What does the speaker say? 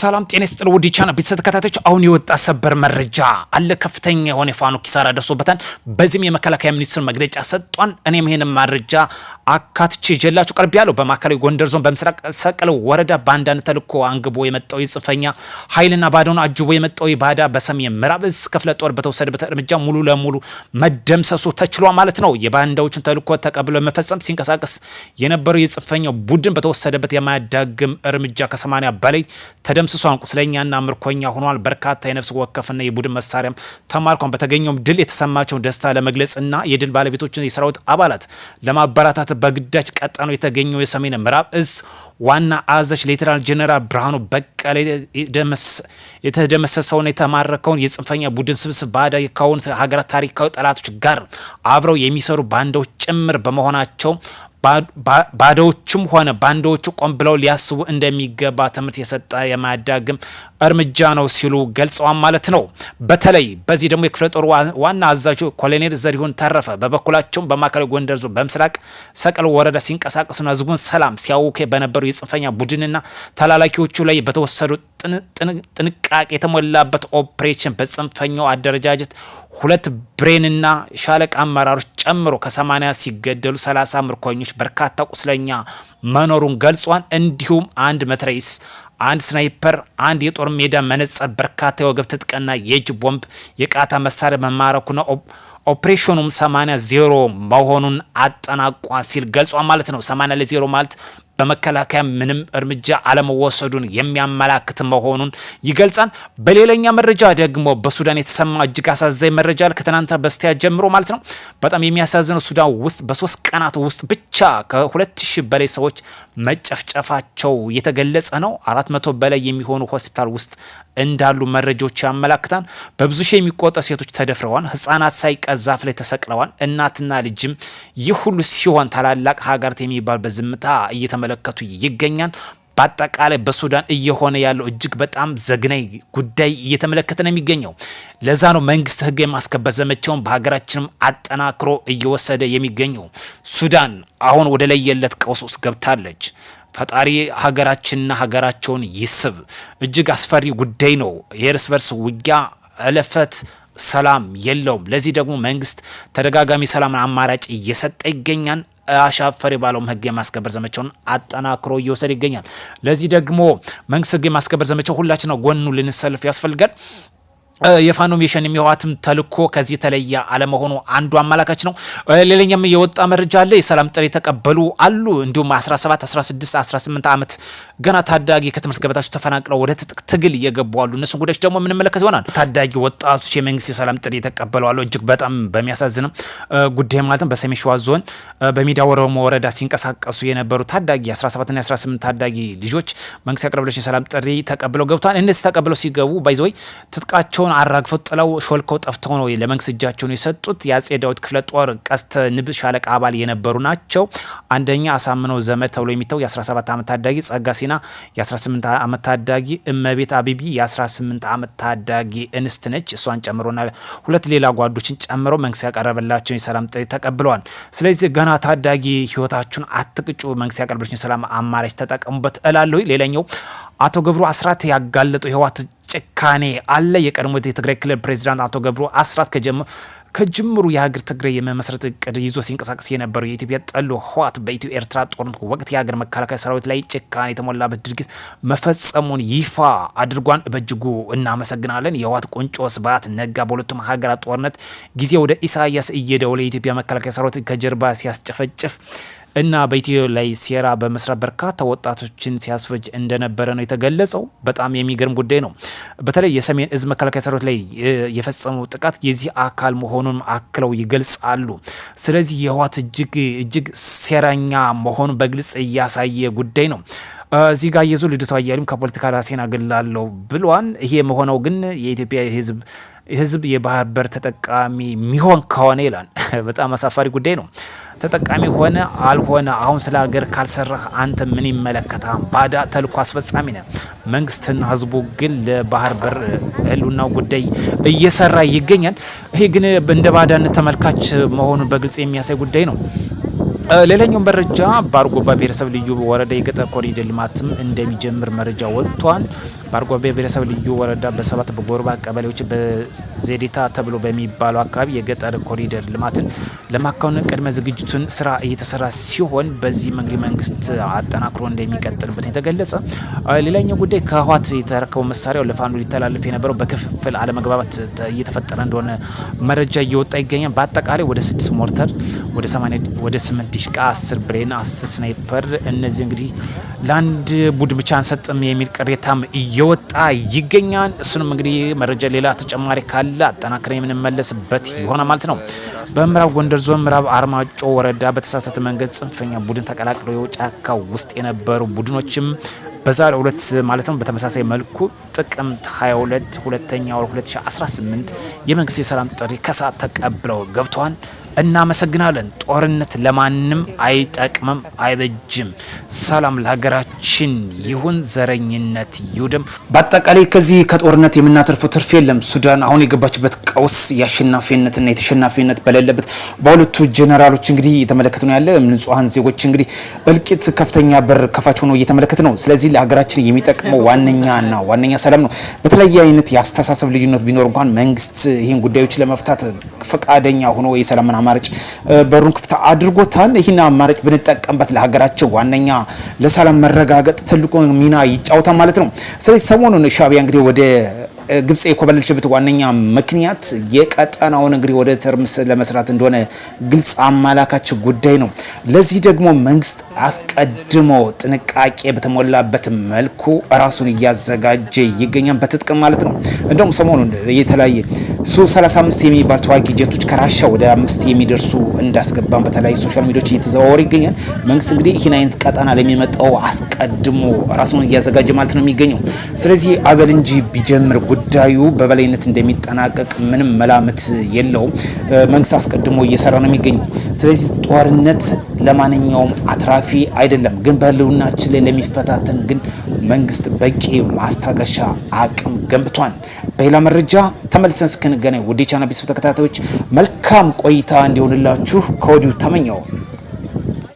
ሰላም ጤና ስጥል ውድ ቻና ቤተሰብ ተከታታዮች፣ አሁን የወጣ ሰበር መረጃ አለ። ከፍተኛ የሆነ የፋኖ ኪሳራ ደርሶበታል። በዚህም የመከላከያ ሚኒስትር መግለጫ ሰጧን። እኔም ይህን መረጃ አካትቼ ይዤላችሁ ያለው በማዕከላዊ ጎንደር ዞን በምስራቅ ሰቀለ ወረዳ በአንዳንድ ተልኮ አንግቦ የመጣው የጽንፈኛ ኃይልና ባዶን አጅቦ የመጣው የባዳ በሰሜን ምዕራብ እዝ ክፍለ ጦር በተወሰደበት እርምጃ ሙሉ ለሙሉ መደምሰሱ ተችሏል ማለት ነው። የባንዳዎችን ተልኮ ተቀብሎ መፈጸም ሲንቀሳቀስ የነበረው የጽንፈኛው ቡድን በተወሰደበት የማያዳግም እርምጃ ከሰማንያ በላይ ተደምስሷን ቁስለኛና ምርኮኛ ሆኗል። በርካታ የነፍስ ወከፍና የቡድን መሳሪያም ተማርኳን። በተገኘውም ድል የተሰማቸውን ደስታ ለመግለጽና የድል ባለቤቶችን የሰራዊት አባላት ለማበራታት በግዳጅ ቀጠኖ የተገኘው የሰሜን ምዕራብ እዝ ዋና አዛዥ ሌተናል ጄኔራል ብርሃኑ በቀለ የተደመሰሰውን የተማረከውን የጽንፈኛ ቡድን ስብስብ ባዕዳን ከሆኑ ሀገራት ታሪካዊ ጠላቶች ጋር አብረው የሚሰሩ ባንዳዎች ጭምር በመሆናቸው ባዶዎቹም ሆነ ባንዳዎቹ ቆም ብለው ሊያስቡ እንደሚገባ ትምህርት የሰጠ የማያዳግም እርምጃ ነው ሲሉ ገልጸዋል ማለት ነው። በተለይ በዚህ ደግሞ የክፍለ ጦር ዋና አዛዡ ኮሎኔል ዘሪሁን ተረፈ በበኩላቸውም በማዕከላዊ ጎንደር ዞን በምስራቅ ሰቀል ወረዳ ሲንቀሳቀሱና ህዝቡን ሰላም ሲያውክ በነበሩ የጽንፈኛ ቡድንና ተላላኪዎቹ ላይ በተወሰዱ ጥንቃቄ የተሞላበት ኦፕሬሽን በጽንፈኛው አደረጃጀት ሁለት ብሬንና ሻለቃ አመራሮች ጨምሮ ከ80 ሲገደሉ 30 ምርኮኞች በርካታ ቁስለኛ መኖሩን ገልጿል። እንዲሁም አንድ መትረይስ፣ አንድ ስናይፐር፣ አንድ የጦር ሜዳ መነጸር፣ በርካታ የወገብ ትጥቅና የእጅ ቦምብ የቃታ መሳሪያ መማረኩና ኦፕሬሽኑም 80 ዜሮ መሆኑን አጠናቋ ሲል ገልጿ ማለት ነው። 80 ለዜሮ ማለት በመከላከያ ምንም እርምጃ አለመወሰዱን የሚያመላክት መሆኑን ይገልጻል። በሌላኛ መረጃ ደግሞ በሱዳን የተሰማ እጅግ አሳዛኝ መረጃ አለ። ከትናንት በስቲያ ጀምሮ ማለት ነው። በጣም የሚያሳዝነው ሱዳን ውስጥ በሶስት ቀናት ውስጥ ብቻ ከሁለት ሺህ በላይ ሰዎች መጨፍጨፋቸው የተገለጸ ነው። አራት መቶ በላይ የሚሆኑ ሆስፒታል ውስጥ እንዳሉ መረጃዎች ያመላክታል። በብዙ ሺህ የሚቆጠሩ ሴቶች ተደፍረዋል። ህጻናት ሳይቀር ዛፍ ላይ ተሰቅለዋል። እናትና ልጅም ይህ ሁሉ ሲሆን ታላላቅ ሀገራት የሚባል በዝምታ እየተመለከቱ ይገኛል። በአጠቃላይ በሱዳን እየሆነ ያለው እጅግ በጣም ዘግናይ ጉዳይ እየተመለከተ ነው የሚገኘው። ለዛ ነው መንግስት ህግ የማስከበር ዘመቻውን በሀገራችንም አጠናክሮ እየወሰደ የሚገኘው። ሱዳን አሁን ወደ ለየለት ቀውስ ውስጥ ገብታለች። ፈጣሪ ሀገራችንና ሀገራቸውን ይስብ። እጅግ አስፈሪ ጉዳይ ነው። የእርስ በርስ ውጊያ እለፈት ሰላም የለውም። ለዚህ ደግሞ መንግስት ተደጋጋሚ ሰላምን አማራጭ እየሰጠ ይገኛል። አሻፈሪ ባለውም ህግ የማስከበር ዘመቻውን አጠናክሮ እየወሰደ ይገኛል። ለዚህ ደግሞ መንግስት ህግ የማስከበር ዘመቻው ሁላችን ጎኑ ልንሰልፍ ያስፈልጋል። የፋኖ ሚሽን የሚዋትም ተልኮ ከዚህ የተለየ አለመሆኑ አንዱ አመላካች ነው። ሌላኛም የወጣ መረጃ አለ። የሰላም ጥሪ የተቀበሉ አሉ። እንዲሁም 17፣ 16፣ 18 ዓመት ገና ታዳጊ ከትምህርት ገበታቸው ተፈናቅለው ወደ ትጥቅ ትግል እየገቡ አሉ። እነሱን ጉዳዮች ደግሞ የምንመለከት ይሆናል። ታዳጊ ወጣቶች የመንግስት የሰላም ጥሪ የተቀበሉ አሉ። እጅግ በጣም በሚያሳዝንም ጉዳይ ማለትም በሰሜን ሸዋ ዞን በሚዳ ወረሞ ወረዳ ሲንቀሳቀሱ የነበሩ ታዳጊ 17 እና 18 ታዳጊ ልጆች መንግስት ያቀረበላቸው የሰላም ጥሪ ተቀብለው ገብቷል። እነዚህ ተቀብለው ሲገቡ ባይዘወይ ትጥቃቸው ራሳቸውን አራግፈው ጥለው ሾልከው ጠፍተው ነው ለመንግስት እጃቸውን የሰጡት። የአጼ ዳዊት ክፍለ ጦር ቀስተ ንብ ሻለቃ አባል የነበሩ ናቸው። አንደኛ አሳምነው ዘመድ ተብሎ የሚታወቅ የ17 ዓመት ታዳጊ፣ ጸጋ ሲና የ18 ዓመት ታዳጊ፣ እመቤት አቢቢ የ18 ዓመት ታዳጊ እንስት ነች። እሷን ጨምሮና ሁለት ሌላ ጓዶችን ጨምሮ መንግስት ያቀረበላቸውን የሰላም ጥሪ ተቀብለዋል። ስለዚህ ገና ታዳጊ ህይወታችሁን አትቅጩ፣ መንግስት ያቀረበላችሁን የሰላም አማራጭ ተጠቀሙበት እላለሁ። ሌላኛው አቶ ገብሩ አስራት ያጋለጡ የህወሓት ጭካኔ አለ። የቀድሞ የትግራይ ክልል ፕሬዚዳንት አቶ ገብሩ አስራት ከጅምሩ የሀገር ትግራይ የመመስረት እቅድ ይዞ ሲንቀሳቀስ የነበረው የኢትዮጵያ ጠሉ ህወሓት በኢትዮ ኤርትራ ጦርነት ወቅት የሀገር መከላከያ ሰራዊት ላይ ጭካኔ የተሞላበት ድርጊት መፈጸሙን ይፋ አድርጓን በእጅጉ እናመሰግናለን። የህወሓት ቁንጮ ስብሐት ነጋ በሁለቱም ሀገራት ጦርነት ጊዜ ወደ ኢሳያስ እየደወለ የኢትዮጵያ መከላከያ ሰራዊት ከጀርባ ሲያስጨፈጭፍ እና በኢትዮ ላይ ሴራ በመስራት በርካታ ወጣቶችን ሲያስፈጅ እንደነበረ ነው የተገለጸው። በጣም የሚገርም ጉዳይ ነው። በተለይ የሰሜን እዝ መከላከያ ሰራዊት ላይ የፈጸመው ጥቃት የዚህ አካል መሆኑን አክለው ይገልጻሉ። ስለዚህ የህወሓት እጅግ እጅግ ሴራኛ መሆኑን በግልጽ እያሳየ ጉዳይ ነው። እዚህ ጋር የዞ ልደቱ አያሌውም ከፖለቲካ ራሴን አገላለሁ ብሏን። ይሄ መሆነው ግን የኢትዮጵያ ህዝብ ህዝብ የባህር በር ተጠቃሚ የሚሆን ከሆነ ይላል። በጣም አሳፋሪ ጉዳይ ነው። ተጠቃሚ ሆነ አልሆነ አሁን ስለ ሀገር ካልሰራህ አንተ ምን ይመለከታ ባዳ ተልኮ አስፈጻሚ ነ መንግስትና ህዝቡ ግን ለባህር በር ህልውናው ጉዳይ እየሰራ ይገኛል። ይሄ ግን እንደ ባዳነት ተመልካች መሆኑን በግልጽ የሚያሳይ ጉዳይ ነው። ሌላኛው መረጃ በአርጎባ ብሔረሰብ ልዩ ወረዳ የገጠር ኮሪደር ልማትም እንደሚጀምር መረጃ ወጥቷል። በአርጎቤ ብሔረሰብ ልዩ ወረዳ በሰባት በጎርባ ቀበሌዎች በዜዴታ ተብሎ በሚባለው አካባቢ የገጠር ኮሪደር ልማትን ለማካውን ቅድመ ዝግጅቱን ስራ እየተሰራ ሲሆን በዚህ መንግሪ መንግስት አጠናክሮ እንደሚቀጥልበት የተገለጸ። ሌላኛው ጉዳይ ከህወሓት የተረከበው መሳሪያው ለፋኖ ሊተላለፍ የነበረው በክፍፍል አለመግባባት እየተፈጠረ እንደሆነ መረጃ እየወጣ ይገኛል። በአጠቃላይ ወደ ስድስት ሞርተር ወደ ወደ ስምንት ዲሽቃ አስር ብሬን አስር ስናይፐር እነዚህ እንግዲህ ለአንድ ቡድን ብቻ አንሰጥም የሚል ቅሬታም እየ እየወጣ ይገኛል። እሱንም እንግዲህ መረጃ ሌላ ተጨማሪ ካለ አጠናክረን የምንመለስበት ይሆናል ማለት ነው። በምዕራብ ጎንደር ዞን ምዕራብ አርማጮ ወረዳ በተሳሳተ መንገድ ጽንፈኛ ቡድን ተቀላቅለው ጫካ ውስጥ የነበሩ ቡድኖችም በዛሬ ሁለት ማለት ነው በተመሳሳይ መልኩ ጥቅምት 22 ሁለተኛ ወር 2018 የመንግስት የሰላም ጥሪ ከሰዓት ተቀብለው ገብተዋል። እናመሰግናለን። ጦርነት ለማንም አይጠቅምም፣ አይበጅም። ሰላም ለሀገራችን ይሁን፣ ዘረኝነት ይውደም። በአጠቃላይ ከዚህ ከጦርነት የምናተርፈው ትርፍ የለም። ሱዳን አሁን የገባችበት ቀውስ የአሸናፊነትና የተሸናፊነት በሌለበት በሁለቱ ጀነራሎች እንግዲህ እየተመለከት ነው ያለ ንጹሐን ዜጎች እንግዲህ በእልቂት ከፍተኛ በር ከፋች ሆኖ እየተመለከት ነው። ስለዚህ ለሀገራችን የሚጠቅመው ዋነኛና ዋነኛ ሰላም ነው። በተለያየ አይነት የአስተሳሰብ ልዩነት ቢኖር እንኳን መንግስት ይህን ጉዳዮች ለመፍታት ፈቃደኛ ሆኖ የሰላምና አማራጭ በሩን ክፍት አድርጎታል። ይህን አማራጭ ብንጠቀምበት ለሀገራቸው ዋነኛ ለሰላም መረጋገጥ ትልቁ ሚና ይጫወታል ማለት ነው። ስለዚህ ሰሞኑን ሻቢያ እንግዲህ ወደ ግብፅ የኮበለለችበት ዋነኛ ምክንያት የቀጠናውን እንግዲህ ወደ ትርምስ ለመስራት እንደሆነ ግልጽ አመላካች ጉዳይ ነው። ለዚህ ደግሞ መንግስት አስቀድሞ ጥንቃቄ በተሞላበት መልኩ ራሱን እያዘጋጀ ይገኛል፣ በትጥቅም ማለት ነው። እንደውም ሰሞኑን የተለያየ ሱ 35 የሚባል ተዋጊ ጀቶች ከራሻ ወደ አምስት የሚደርሱ እንዳስገባም በተለያዩ ሶሻል ሚዲያዎች እየተዘዋወሩ ይገኛል። መንግስት እንግዲህ ይህን አይነት ቀጠና ለሚመጣው አስቀድሞ ራሱን እያዘጋጀ ማለት ነው የሚገኘው። ስለዚህ አበል እንጂ ቢጀምር ጉዳዩ በበላይነት እንደሚጠናቀቅ ምንም መላምት የለውም። መንግስት አስቀድሞ እየሰራ ነው የሚገኘው። ስለዚህ ጦርነት ለማንኛውም አትራፊ አይደለም፣ ግን በህልውናችን ላይ ለሚፈታተን ግን መንግስት በቂ ማስታገሻ አቅም ገንብቷል። በሌላ መረጃ ተመልሰን እስክንገናኝ ውዴ ቻናል ቤተሰብ ተከታታዮች መልካም ቆይታ እንዲሆንላችሁ ከወዲሁ ተመኘው።